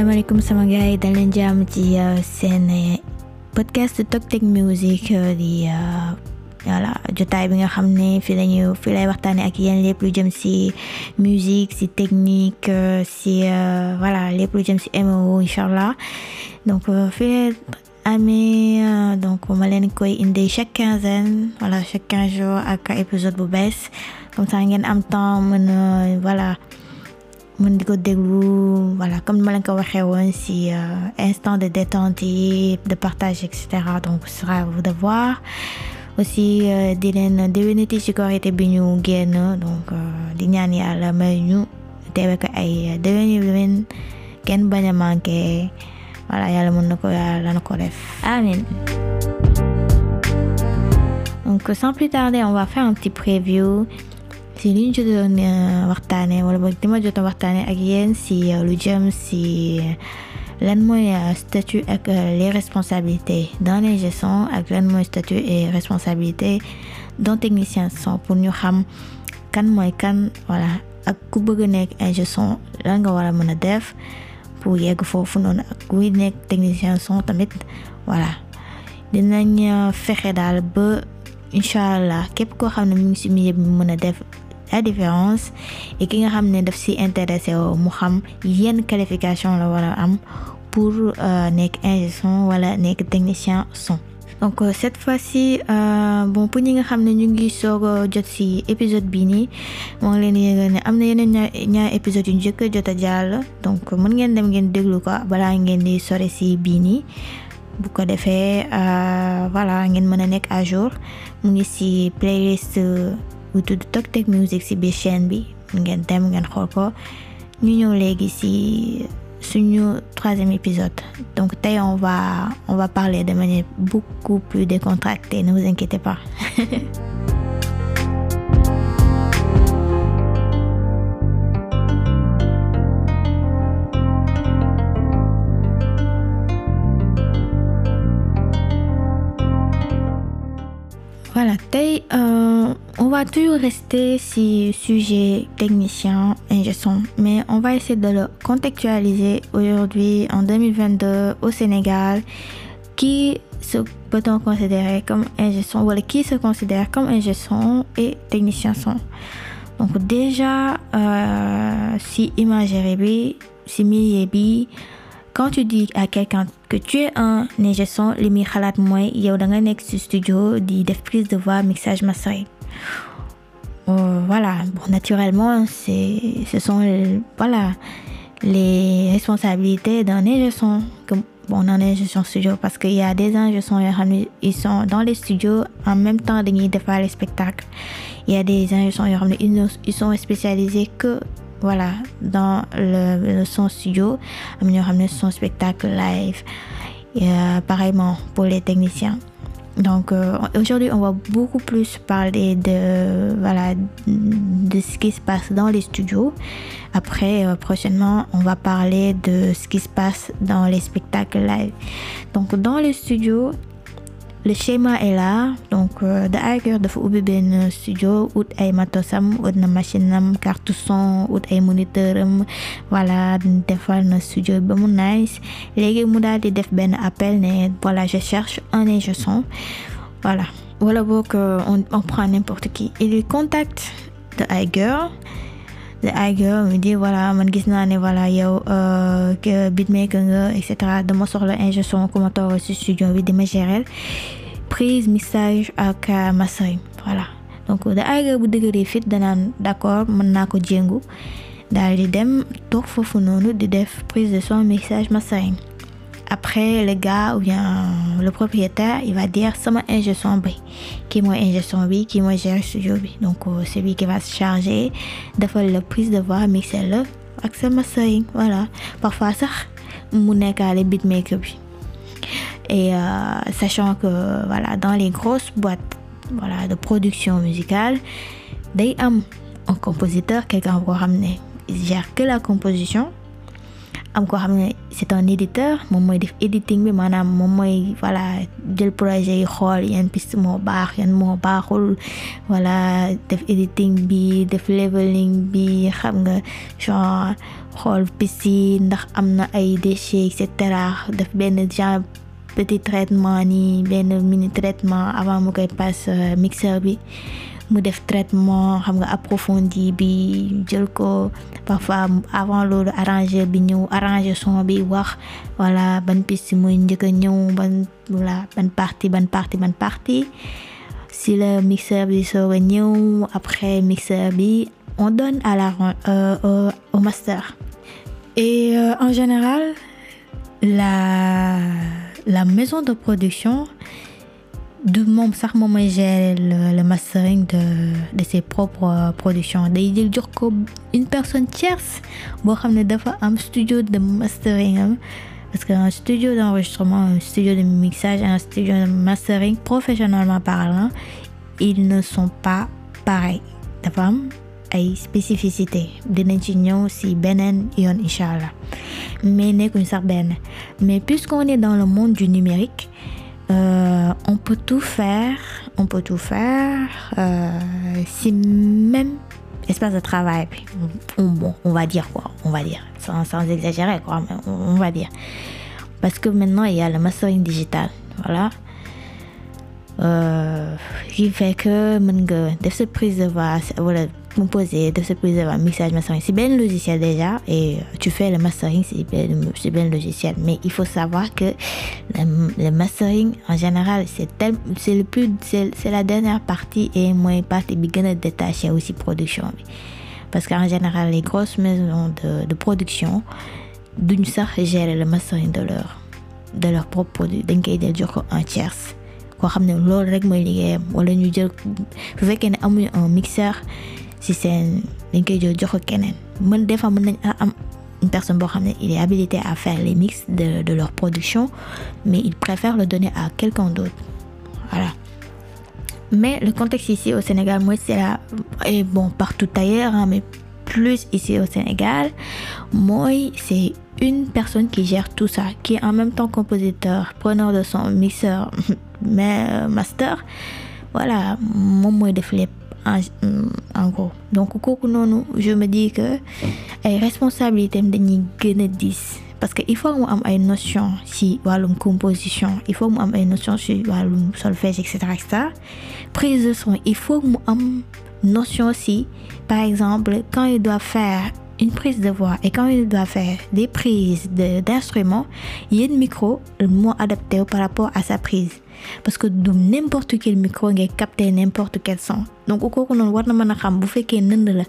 asalaamaaleykum sama gars yi dal jàmm ci seen podcast Tok Tek Music eh, di voilà jotaay bi nga xam ne fii lañu fii lay waxtaanee ak yéen lépp lu jëm si musique si technique eh, si voilà lépp lu jëm si MO incha allah donc eh, fii amee donc ma leen koy indee chaque quinzaine voilà chaque quinze jours ak épisode bu bees comme ça am temps mën voilà. mën di ko déglu voilà comme ni ma leen ko waxee woon si euh, instant de détente yi de partage et cetera donc ce de voir aussi euh, di leen déwénati ci korité bi ñu génn donc euh, di ñaan yàlla may ñu ay déwén yu déwén kenn bañ a manqué voilà yàlla mën na ko yàlla ko amin donc sans plus tarder on va faire un petit preview ci li ñu jotoon waxtaane wala boog dima jotoon waxtaane ak yéen si lu jëm si lan mooy eh, statut ak eh, les responsabilité dans les gestions ak lan mooy statut et responsabilité dans technicien son pour ñu xam kan mooy kan voilà ak ku bëgg nekk ingé eh, son lan nga war a mën a def pour yegg foofu noonu ak nekk technicien son tamit voilà dinañ fexe daal ba incha allah képp koo xam ne mu ngi si milieu mën a def la différence et ki nga xam ne daf si intéressé woo mu xam yenn qualification la war a am pour euh, nekk ingé wala nekk technicien son donc euh, cette fois-ci euh, bon pour ñi nga xam ne ñu ngi soog jot si épisode bii nii moo leen ne am na yeneen ñaar épisode yu njëkk jot a jàll donc mën ngeen dem ngeen déglu ko balaa ngeen di sore si bii nii bu ko defee voilà ngeen mën a nekk à jour mu ngi si playlist bu tudd Tok Tek Music si biir chaîne bi ngeen dem ngeen xool ko ñu ñëw léegi si suñu troisième épisode donc tey on va on va parler de manière beaucoup plus décontractée ne vous inquiétez pas conseil, euh, on va toujours rester sur sujet technicien et mais on va essayer de le contextualiser aujourd'hui en au Sénégal. Qui se peut-on considérer comme ingé son comme ingé son et technicien son donc déjà euh, si imagerie bi si milieu bi quand tu dis à quelqu'un que tu es un Nége Son li muy xalaat mooy yow da nga nekk ci studio di def prise de voix mixage mastering euh, voilà bon naturellement c'est ce sont voilà les responsabilités d'un Nége Son que bon on est gestion studio parce qu'il y a des gens qui sont ils sont dans les studios en même temps dañuy defar les spectacles il y a des gens qui sont ils sont spécialisés que voilà dans le, le son studio am ñoo xam ne son spectacle live et, euh, pareillement pour les techniciens donc euh, aujourd'hui, on va beaucoup plus parler de, voilà, de ce qui se passe dans les studios. Après, euh, prochainement, on va parler de ce qui se passe dans les spectacles live. Donc dans les studios, Le schéma est là, donc euh, daayger dafa ubbi benn studio ut ay matosam ut na machine am carte son ut ay moniteur am voilà defal na studio ba mu nice léegi mu daal di def benn appel ne voilà je cherche un ingé son voilà wala boog euh, on prend n'importe qui il contacte daayger ay gars me dit voilà man gis naa ne voilà yow euh, beatmaker nga et cetera dama soxla ingé son ku ma toog si studio bi di ma gérer prise mixage ak euh, mastering voilà donc da ay bu dëgëree fit danaan d'accord mën naa ko jéngu daal di dem toog foofu noonu di def prise de son mixage après le gars ou bien le propriétaire il va dire sama ingestion bi kii mooy ingestion bi kii mooy gérer studio bi donc euh, c'est lui qui va se charger defal la prise de voix mixer la ak sa mastering voilà parfois sax mu nekkaale beatmaker bi et euh, sachant que voilà dans les grosses boîtes voilà de production musicale day am un compositeur quelqu'un boo xam ne il gère que la composition am koo xam ne c'est un éditeur moom mooy def editing bi maanaam moom mooy voilà jël projet yi xool yan piste moo baax yan moo baaxul wala def editing bi def leveling bi xam nga genre xool piste yi ndax am na ay déchets et cetera def benn genre petit traitement nii benn mini traitement avant mu koy passe euh, mixeur bi mu def traitement xam nga approfondi bi jël ko parfois avant loolu arranger bi ñëw arranger son bi wax voilà ban piste mooy njëkk a ñëw ban voilà ban parti ban parti ban partie si le mixeur bi soog a ñëw après mixeur bi on donne à la euh, euh au master et euh, en général la la maison de production du moom sax moom mooy gérer le, mastering de ses propres euh, productions day jël jox ko une personne tierce boo xam ne dafa am studio de mastering parce que un studio d'enregistrement un studio de mixage un studio de mastering professionnellement parlant ils ne sont pas pareils dafa am ay spécificité dinañ ci ñëw si beneen yoon incha allah mais nekkuñ sax benn mais puisqu'on est dans le monde du numérique euh, on peut tout faire, on peut tout faire. Euh, c'est même espace de travail. On, bon, on va dire quoi, on va dire, sans, sans exagérer quoi, mais on, on, va dire. Parce que maintenant il y a le mastering digital, voilà. Euh, qui fait que mon gars, de cette prise de voix, voilà, me poser, de se poser un mixage mastering. C'est bien le logiciel déjà et euh, tu fais le mastering, c'est bien, logiciel. Mais il faut savoir que le, le mastering en général, c'est c'est le plus, c'est la dernière partie et moi partie beginner détachée aussi production. Parce qu'en général, les grosses maisons de, de production d'une sax gérer le mastering de leur de leur propre produit. Donc, il y a tierce. koo xam ne loolu rek mooy liggéeyam wala ñu jël su fekkee ne amuñu un mixeur si seen dañ koy jël jox ko keneen mën des fois mën nañ am une personne boo xam ne il est habilité à faire les mix de de leur production mais il préfère le donner à quelqu'un d'autre voilà mais le contexte ici au Sénégal mooy c'est là et bon partout ailleurs hein, mais plus ici au Sénégal mooy c'est une personne qui gère tout ça qui est en même temps compositeur preneur de son mixeur mais euh, master voilà moom mooy def lépp en en gros donc kooku noonu je me dis que ay responsabilité am dañuy gën a diis parce que il faut mu am ay notion ci wàllum composition il faut mu am ay notion ci wàllum solfège et cetera et cetera prise de son il faut mu am notion si par exemple quand il doit faire une prise de voix et quand il doit faire des prises de d'instruments yenn micro moo adapté par rapport à sa prise parce que du n'importe quel micro ngay capter n'importe quel son donc kooku noonu war na mën a xam bu fekkee nënd la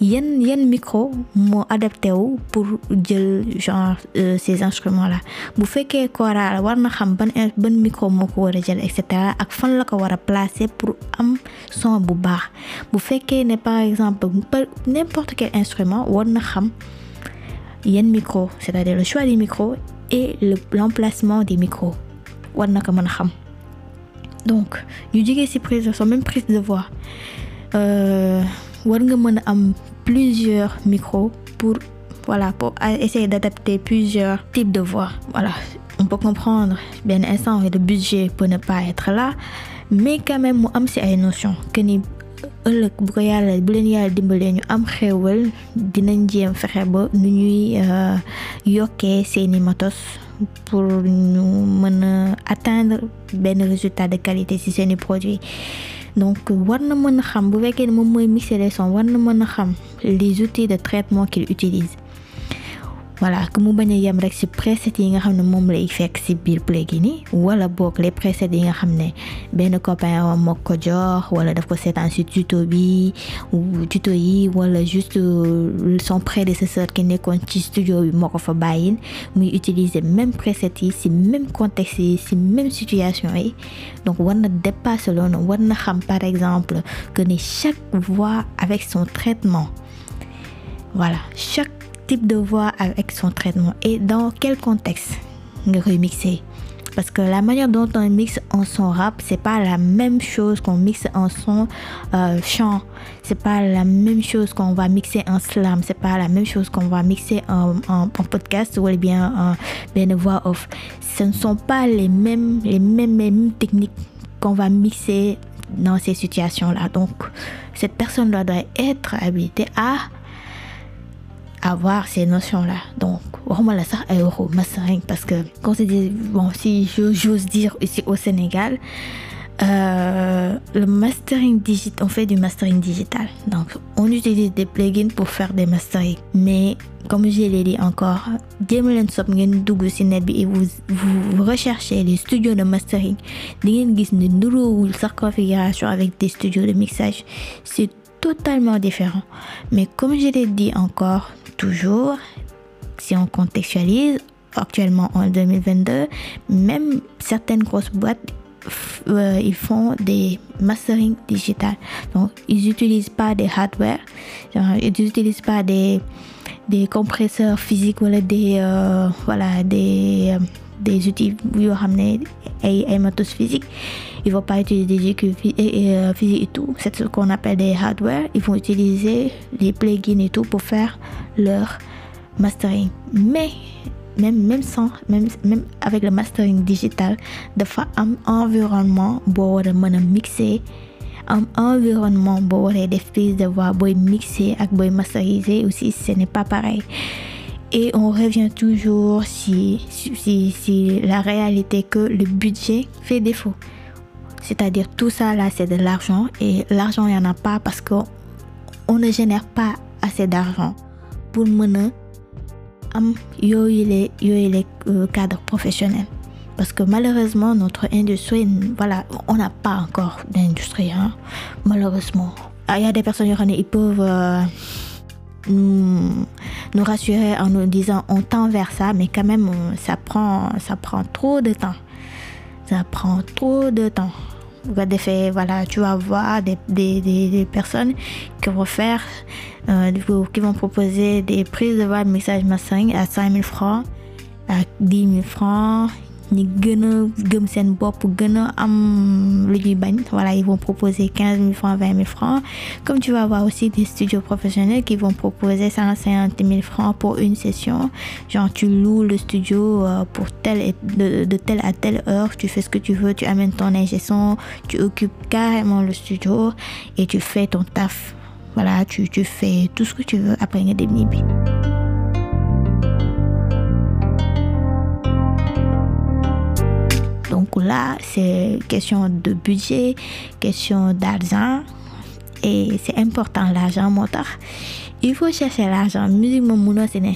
yenn yan micro moo adapté wu pour jël genre euh, ces instruments là bu fekkee kora war na xam ban ban micro moo ko war a jël et cetera ak fan la ko war a placer pour am son bu baax bu fekkee ne par exemple n'importe quel instrument war na xam yan micro c'est-à-dire le choix des micros et l'emplacement des micros war na ko mën a xam donc ñu jege ci présentation même prise de voix euh, war nga mën a am plusieurs micros pour voilà pour essayer d'adapter plusieurs types de voix voilà on peut comprendre benn instant le budget peut ne pas être là mais quand même mu am ci ay notions que ni ëllëg bu ko yàlla bu leen yàlla dimbalee ñu am xéewal dinañ jéem fexe ba nu ñuy euh, yokkee seeni matos pour ñu mën a atteindre benn résultat de qualité si ci seeni produit donc war na mën a xam bu fekkee ne moom mooy mixer les sons war mën a xam les outils de traitement qu'il utilise voilà que mu bañ a yem rek ci preset yi nga xam ne moom lay fekk si biir play gi ni wala boog les preset yi nga xam ne benn copain wam moo ko jox wala daf ko seetaan ci tuto bi tuto yi wala juste euh, son prédécesseur ki nekkoon ci studio bi moo ko fa bàyyil muy utiliser même preset yi si même contexte yi si même situation yi donc war na dépasser loolu war na xam par exemple que ni chaque voix avec son traitement voilà chaque type de voix avec son traitement et dans quel contexte nga koy mixer parce que la manière dont on mixe en son rap c'est pas la même chose qu'on mixe en son euh, chant c'est pas la même chose qu'on va mixer en slam c'est pas la même chose qu'on va mixer en, en, en podcast ou bien en benn voix off ce ne sont pas les mêmes les mêmes les mêmes techniques qu'on va mixer dans ces situations là donc cette personne là doit être habilitée à avoir ces notions-là. Donc, vraiment la ça euro, parce que quand c'est dit, bon, si j'ose dire ici au Sénégal, euh, le mastering digital, on fait du mastering digital. Donc, on utilise des plugins pour faire des mastering. Mais, comme je l'ai dit encore, Gameland Sop, et vous, vous recherchez les studios de mastering. Vous voyez une configuration avec des studios de mixage. totalement différent. Mais comme je l'ai dit encore, toujours, si on contextualise, actuellement en 2022, même certaines grosses boîtes, euh, ils font des mastering digital. Donc, ils n'utilisent pas des hardware, ils n'utilisent pas des, des compresseurs physiques euh, voilà, des, euh, des outils, vous ramenez et, Ils vont pas utiliser des GQ euh, physiques et tout. C'est ce qu'on appelle des hardware. Ils vont utiliser les plugins et tout pour faire leur mastering. Mais même sans même avec le mastering digital, dafa am environnement boo war a mën a mixer am environnement boo waree def prise de voix booy mixer ak booy masteriser aussi ce n'est pas pareil. Et on revient toujours si si si la réalité que le budget fait défaut. C'est-à-dire tout ça là, c'est de l'argent et l'argent, n'y en a pas parce qu'on ne génère pas assez d'argent pour mener am yooyu les yooyu les euh, cadres parce que malheureusement notre industrie voilà on n'a pas encore d'industrie hein malheureusement ah, il y a des personnes qui peuvent euh, nous, rassurer en nous disant on tend vers ça mais quand même ça prend trop de temps ça prend trop de temps bu ko defee voilà tu vas voir des des des, des personnes qui vont faire euh, qui vont proposer des prises de voix message messaging à 5000 francs à 10 000 francs ñi gën a gëm seen bopp gën a am lu ñuy bañ voilà ils vont proposer quinze mille francs vingt mille francs comme tu vas avoir aussi des studios professionnels qui vont proposer cent cinquante mille francs pour une session genre tu loues le studio euh, pour telle et de, de telle à telle heure tu fais ce que tu veux tu amènes ton ingé son tu occupes carrément le studio et tu fais ton taf voilà tu tu fais tout ce que tu veux après nga dem ñibbi coup-là, c'est question de budget, question d'argent. Et c'est important l'argent, moo tax il faut chercher l'argent musique moom munoo si ne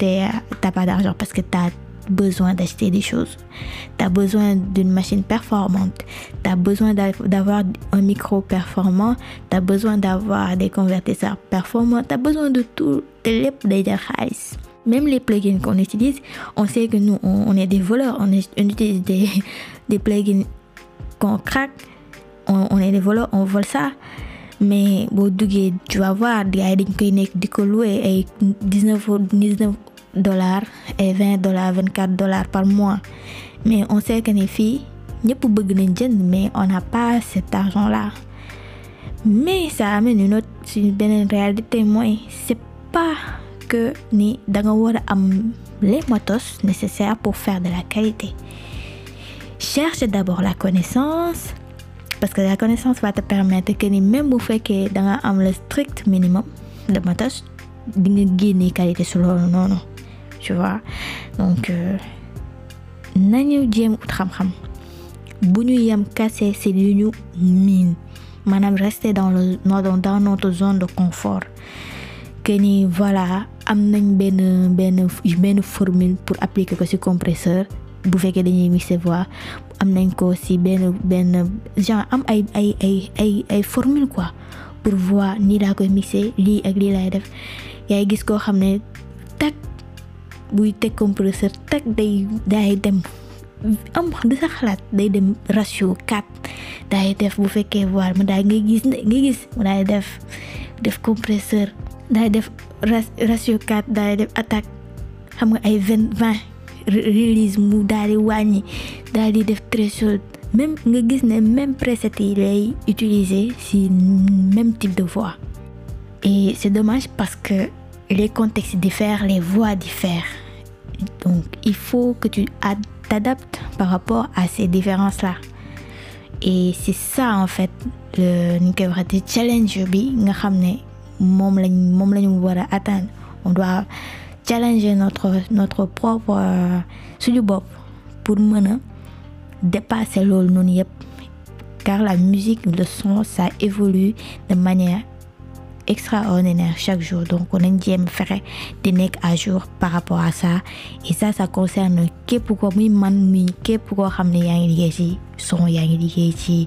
te t'as pas d'argent parce que t'as besoin d'acheter des choses t'as besoin d'une machine performante t'as besoin d'avoir un micro performant t'as besoin d'avoir des convertisseurs performants t'as besoin de tout te lépp day jar xaalis même les plugins qu'on utilise, on sait que nous, on, on est des voleurs, on, est, on utilise des, des plugins qu'on craque, on, on, est des voleurs, on vole ça. Mais bon, tu vas voir, il y a des gens 19, 19 dollars et 20 dollars, par mois. Mais on sait que les filles, mais on n'a pas cet argent-là. Mais ça amène une autre, une belle réalité, moi, c'est pas que ni da nga war a am les motos nécessaires pour faire de la qualité cherche d'abord la connaissance parce que la connaissance va te permettre que ni même bu fekkee da nga am le strict minimum de matos di nga génne qualité su loolu noonu tu vois donc euh, nañu jéem ut xam-xam bu ñu yem kase si li ñu miin maanaam rester dans le dans notre zone de confort que ni voilà am nañ benn benn benn formule pour appliquer ko ci compresseur bu fekkee dañuy mixer voix am nañ ko ci benn benn genre am ay ay ay ay ay formule quoi pour voix nii laa koy mixer lii ak lii laay def yaay gis koo xam ne tak buy teg compresseur tak day day dem am du sa xalaat day dem ratio 4 daay def bu fekkee voi ma daay ngay gis ngay gis mu daay def def compresseur daay def ratio 4 daay def attaque xam nga ay vingt vingt release mu daal di daal di def threshold même nga gis ne même preset yi lay utiliser si même type de voix et c'est dommage parce que les contextes diffèrent les voix diffèrent donc il faut que tu t'adaptes par rapport à ces différences là et c'est ça en fait le ni koy waxati challenge bi nga xam ne moom lañ moom la ñu war a atteindre on doit challenger notre propre euh, suñu bopp pour mën a dépasser loolu noonu yëpp car la musique le son ça évolue de manière extraordinaire chaque jour donc nañ jéem fexe di nekk à jour par rapport à ça et ça ça concerne képp ko muy man muy képp koo xam ne yaa ngi liggéey ci son yaa ngi liggéey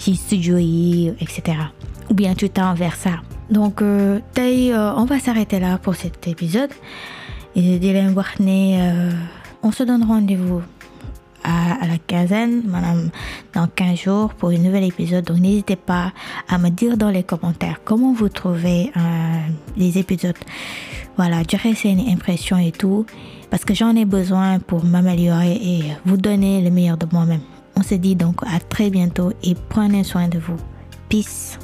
ci studio yi et cetera ou bien tu tends vers ça donc euh, tey euh, on va s'arrêter là pour cet épisode et di leen wax ne euh, on se donne rendez-vous à, à la quinzaine, madame, dans 15 jours pour un nouvel épisode. Donc n'hésitez pas à me dire dans les commentaires comment vous trouvez euh, les épisodes. Voilà, j'aurais c'est une impression et tout, parce que j'en ai besoin pour m'améliorer et vous donner le meilleur de moi-même. On se dit donc à très bientôt et prenez soin de vous. Peace.